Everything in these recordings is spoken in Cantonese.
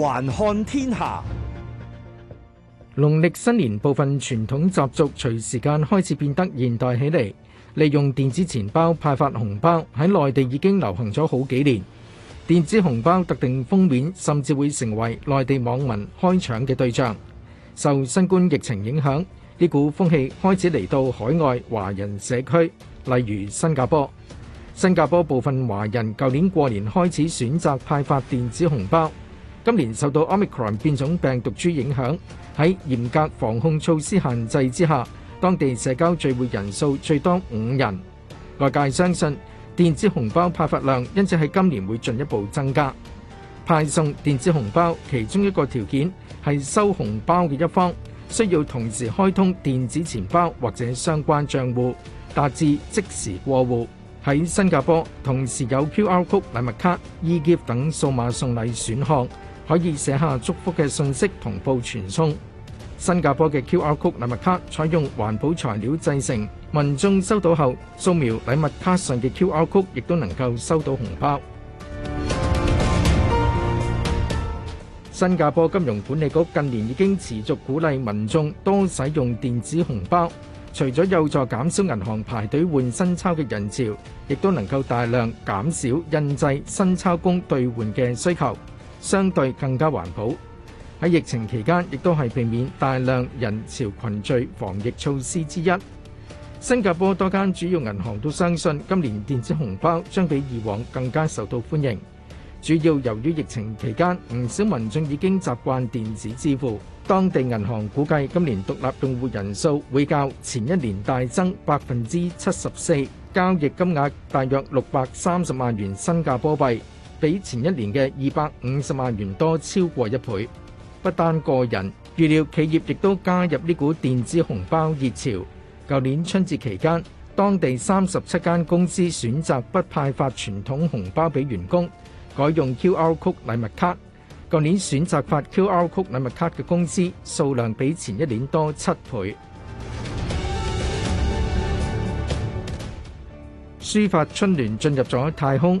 環看天下，農曆新年部分傳統習俗隨時間開始變得現代起嚟。利用電子錢包派發紅包喺內地已經流行咗好幾年，電子紅包特定封面甚至會成為內地網民開搶嘅對象。受新冠疫情影響，呢股風氣開始嚟到海外華人社區，例如新加坡。新加坡部分華人舊年過年開始選擇派發電子紅包。今年受到 omicron 變種病毒株影響，喺嚴格防控措施限制之下，當地社交聚會人數最多五人。外界相信電子紅包派發量因此喺今年會進一步增加。派送電子紅包其中一個條件係收紅包嘅一方需要同時開通電子錢包或者相關賬戶，達至即時過戶。喺新加坡，同時有 QR code、禮物卡、e-Gift 等數碼送禮選項。可以寫下祝福嘅信息，同步傳送。新加坡嘅 QR Code 禮物卡採用環保材料製成，民眾收到後掃描禮物卡上嘅 QR Code，亦都能夠收到紅包。新加坡金融管理局近年已經持續鼓勵民眾多使用電子紅包，除咗有助減少銀行排隊換新鈔嘅人潮，亦都能夠大量減少印製新鈔工兌換嘅需求。相對更加環保，喺疫情期間亦都係避免大量人潮群聚防疫措施之一。新加坡多間主要銀行都相信，今年電子紅包將比以往更加受到歡迎，主要由於疫情期間唔少民眾已經習慣電子支付。當地銀行估計今年獨立用戶人數會較前一年大增百分之七十四，交易金額大約六百三十萬元新加坡幣。比前一年嘅二百五十萬元多超過一倍，不單個人預料，企業亦都加入呢股電子紅包熱潮。舊年春節期間，當地三十七間公司選擇不派發傳統紅包俾員工，改用 QR Code 禮物卡。舊年選擇發 QR Code 禮物卡嘅公司數量比前一年多七倍。書法 春聯進入咗太空。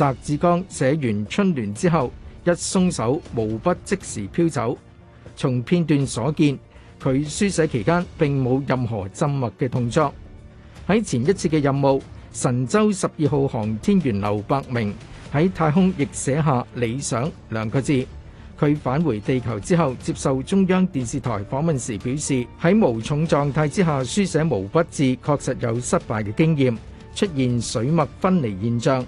翟志剛寫完春聯之後，一鬆手毛筆即時飄走。從片段所見，佢書寫期間並冇任何浸墨嘅動作。喺前一次嘅任務，神舟十二號航天員劉伯明喺太空亦寫下「理想」兩個字。佢返回地球之後，接受中央電視台訪問時表示，喺無重狀態之下書寫毛筆字，確實有失敗嘅經驗，出現水墨分離現象。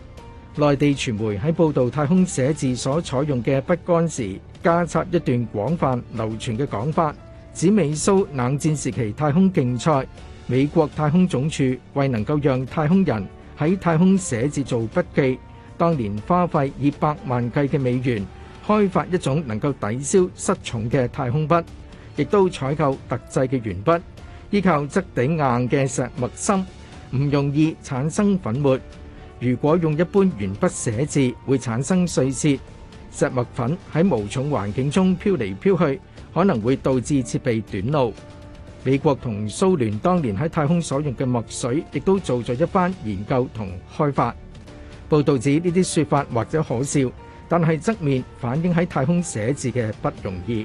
內地傳媒喺報導太空寫字所採用嘅筆桿時，加插一段廣泛流傳嘅講法，指美蘇冷戰時期太空競賽，美國太空總署為能夠讓太空人喺太空寫字做筆記，當年花費以百萬計嘅美元開發一種能夠抵消失重嘅太空筆，亦都採購特製嘅鉛筆，依靠質地硬嘅石墨芯，唔容易產生粉末。如果用一般鉛筆寫字，會產生碎屑，石墨粉喺無重環境中飄嚟飄去，可能會導致設備短路。美國同蘇聯當年喺太空所用嘅墨水，亦都做咗一番研究同開發。報道指呢啲説法或者可笑，但係側面反映喺太空寫字嘅不容易。